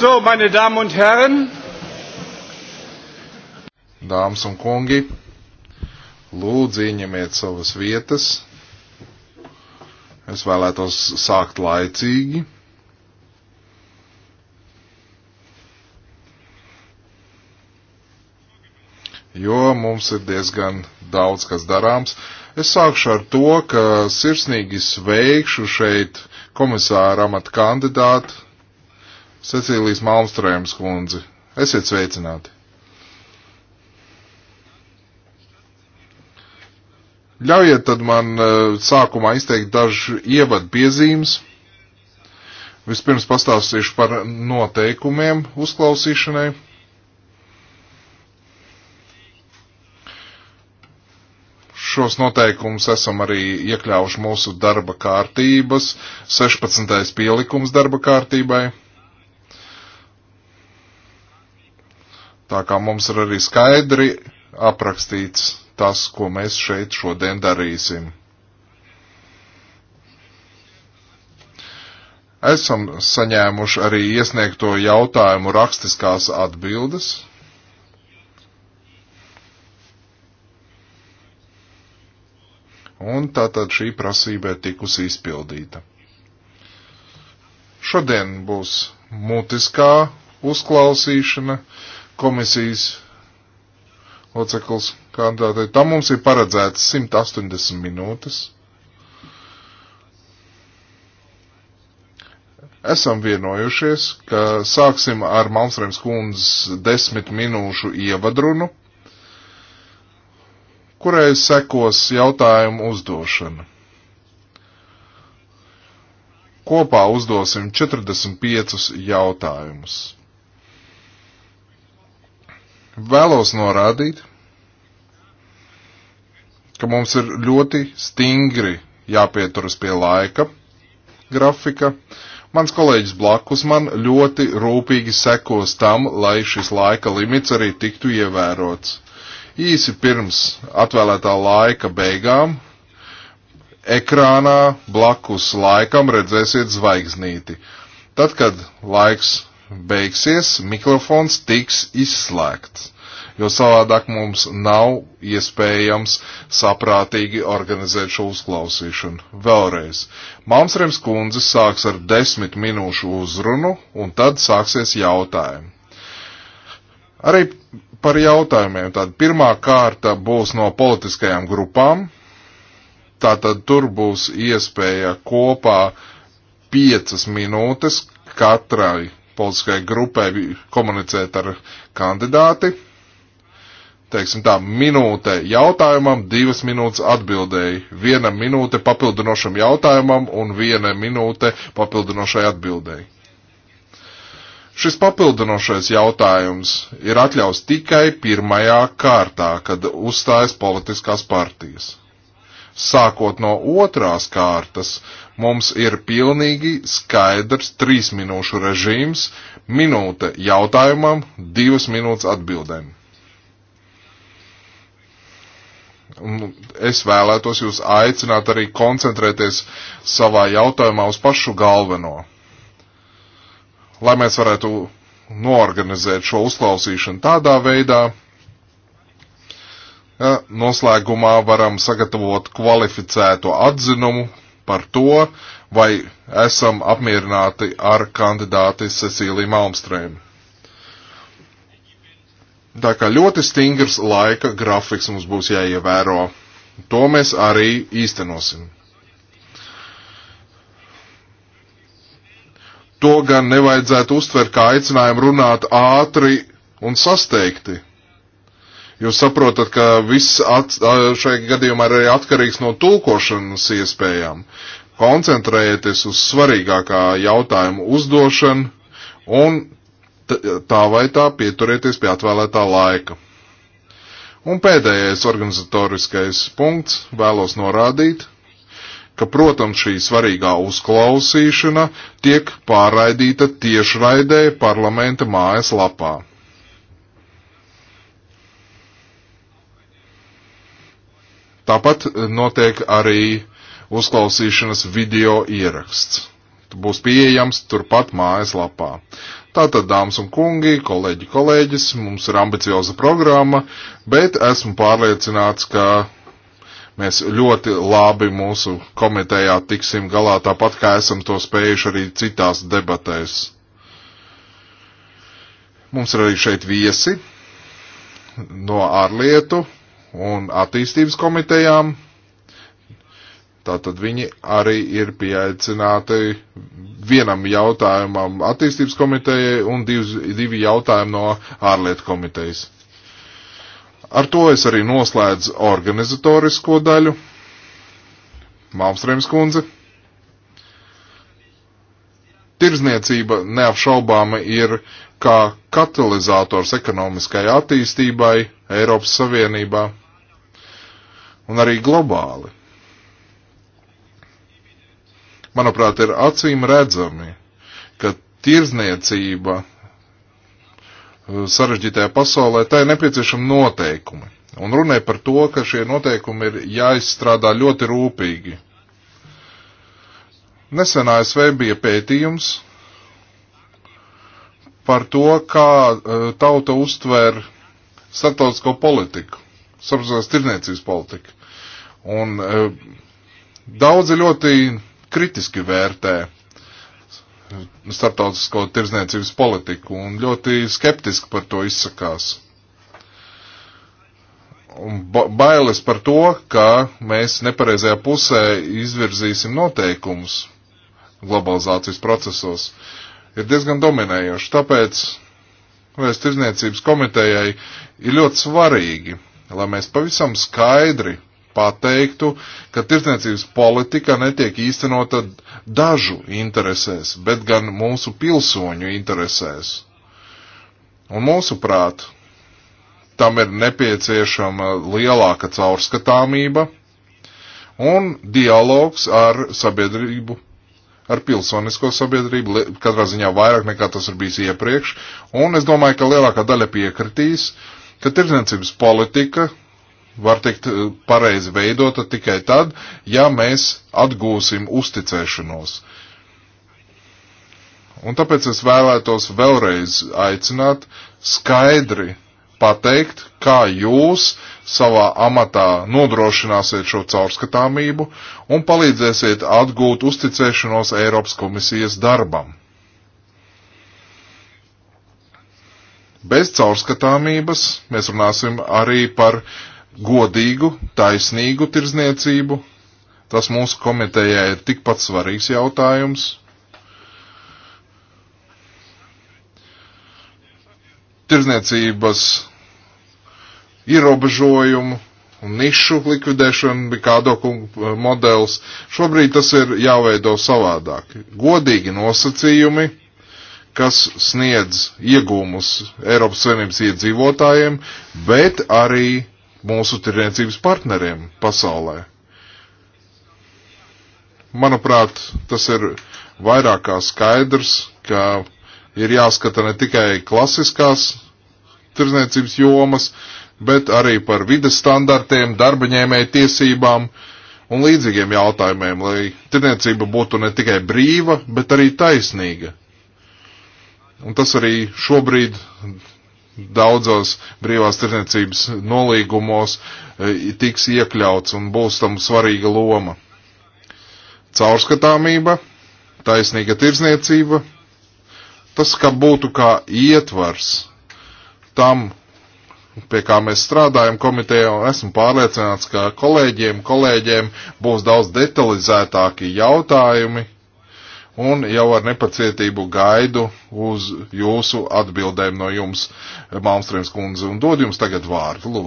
So, meine Damen und Herren. Dāmas un kungi, lūdzu ieņemiet savas vietas. Es vēlētos sākt laicīgi. Jo mums ir diezgan daudz kas darāms. Es sākšu ar to, ka sirsnīgi sveikšu šeit komisāra amata kandidātu Cecīlijas Malmstrēmas kundzi. Esiet sveicināti! Ļaujiet tad man eh, sākumā izteikt dažu ievadu piezīmes. Vispirms pastāstīšu par noteikumiem uzklausīšanai. šos noteikumus esam arī iekļāvuši mūsu darba kārtības, 16. pielikums darba kārtībai. Tā kā mums ir arī skaidri aprakstīts tas, ko mēs šeit šodien darīsim. Esam saņēmuši arī iesniegto jautājumu rakstiskās atbildes. Un tātad šī prasība ir tikusi izpildīta. Šodien būs mutiskā uzklausīšana, komisijas loceklis kandidātei. Tam mums ir paredzēts 180 minūtes. Esam vienojušies, ka sāksim ar Malmstrēms kundzes desmit minūšu ievadrunu, kurai sekos jautājumu uzdošana. Kopā uzdosim 45 jautājumus. Vēlos norādīt, ka mums ir ļoti stingri jāpieturas pie laika grafika. Mans kolēģis blakus man ļoti rūpīgi sekos tam, lai šis laika limits arī tiktu ievērots. Īsi pirms atvēlētā laika beigām ekrānā blakus laikam redzēsiet zvaigznīti. Tad, kad laiks beigsies, mikrofons tiks izslēgts, jo savādāk mums nav iespējams saprātīgi organizēt šo uzklausīšanu. Vēlreiz, Malmstrēms kundze sāks ar desmit minūšu uzrunu, un tad sāksies jautājumi. Arī par jautājumiem. Tad pirmā kārta būs no politiskajām grupām. Tātad tur būs iespēja kopā piecas minūtes katrai politiskai grupai komunicēt ar kandidāti. Teiksim tā, minūte jautājumam, divas minūtes atbildēji, viena minūte papildinošam jautājumam un viena minūte papildinošai atbildēji. Šis papildinošais jautājums ir atļaus tikai pirmajā kārtā, kad uzstājas politiskās partijas sākot no otrās kārtas, mums ir pilnīgi skaidrs trīs minūšu režīms, minūte jautājumam, divas minūtes atbildēm. Es vēlētos jūs aicināt arī koncentrēties savā jautājumā uz pašu galveno, lai mēs varētu noorganizēt šo uzklausīšanu tādā veidā, Noslēgumā varam sagatavot kvalificēto atzinumu par to, vai esam apmierināti ar kandidāti Cecīliju Malmstrēmu. Tā kā ļoti stingrs laika grafiks mums būs jāievēro. To mēs arī īstenosim. To gan nevajadzētu uztvert kā aicinājumu runāt ātri un sasteigti. Jūs saprotat, ka viss at, šajā gadījumā ir arī atkarīgs no tulkošanas iespējām. Koncentrējieties uz svarīgākā jautājuma uzdošanu un tā vai tā pieturieties pie atvēlētā laika. Un pēdējais organizatoriskais punkts vēlos norādīt, ka, protams, šī svarīgā uzklausīšana tiek pārraidīta tiešraidē parlamenta mājas lapā. Tāpat e, notiek arī uzklausīšanas video ieraksts. Tu būs pieejams turpat mājaslapā. Tātad, dāmas un kungi, kolēģi, kolēģis, mums ir ambicioza programma, bet esmu pārliecināts, ka mēs ļoti labi mūsu komitejā tiksim galā, tāpat kā esam to spējuši arī citās debatēs. Mums ir arī šeit viesi no ārlietu un attīstības komitejām. Tātad viņi arī ir pieaicināti vienam jautājumam attīstības komitejai un divs, divi jautājumi no ārlietu komitejas. Ar to es arī noslēdzu organizatorisko daļu. Malmstrēms kundze. Tirzniecība neapšaubāma ir kā katalizators ekonomiskai attīstībai Eiropas Savienībā un arī globāli. Manuprāt, ir acīm redzami, ka tirzniecība uh, sarežģītajā pasaulē, tai ir nepieciešama noteikumi. Un runāja par to, ka šie noteikumi ir jāizstrādā ļoti rūpīgi. Nesen ASV bija pētījums par to, kā uh, tauta uztver starptautisko politiku saprast tirniecības politika. Un e, daudzi ļoti kritiski vērtē starptautisko tirzniecības politiku un ļoti skeptiski par to izsakās. Un ba bailes par to, ka mēs nepareizajā pusē izvirzīsim noteikumus globalizācijas procesos, ir diezgan dominējoši. Tāpēc Vēsturiskās tirzniecības komitejai ir ļoti svarīgi lai mēs pavisam skaidri pateiktu, ka tirdzniecības politika netiek īstenota dažu interesēs, bet gan mūsu pilsoņu interesēs. Un mūsuprāt, tam ir nepieciešama lielāka caurskatāmība un dialogs ar sabiedrību, ar pilsonisko sabiedrību, katrā ziņā vairāk nekā tas ir bijis iepriekš, un es domāju, ka lielākā daļa piekritīs, uh, ka tirdzniecības politika var tikt eh, pareizi veidota tikai tad, ja mēs atgūsim uzticēšanos. Un tāpēc es vēlētos vēlreiz aicināt skaidri pateikt, kā jūs savā amatā nodrošināsiet šo caurskatāmību un palīdzēsiet atgūt uzticēšanos Eiropas komisijas darbam. Bez caurskatāmības mēs runāsim arī par godīgu, taisnīgu tirzniecību. Tas mūsu komitejā ir tikpat svarīgs jautājums. Tirzniecības ierobežojumu un nišu likvidēšana bija kāda eh, modelis. Šobrīd tas ir jāveido savādāk. Godīgi nosacījumi kas sniedz iegūmus Eiropas Savienības iedzīvotājiem, bet arī mūsu tirniecības partneriem pasaulē. Manuprāt, tas ir vairāk kā skaidrs, ka ir jāskata ne tikai klasiskās tirniecības jomas, bet arī par vides standartiem, darba ņēmēju tiesībām un līdzīgiem jautājumiem, lai tirniecība būtu ne tikai brīva, bet arī taisnīga. Un tas arī šobrīd daudzos brīvās tirniecības nolīgumos e, tiks iekļauts un būs tam svarīga loma. Caurskatāmība, taisnīga tirzniecība, tas, ka būtu kā ietvars tam, pie kā mēs strādājam komitejā, un esmu pārliecināts, ka kolēģiem, kolēģiem būs daudz detalizētāki jautājumi un jau ar nepacietību gaidu uz jūsu atbildēm no jums, Malmstrēms kundze, un dod jums tagad vārdu. Lūd.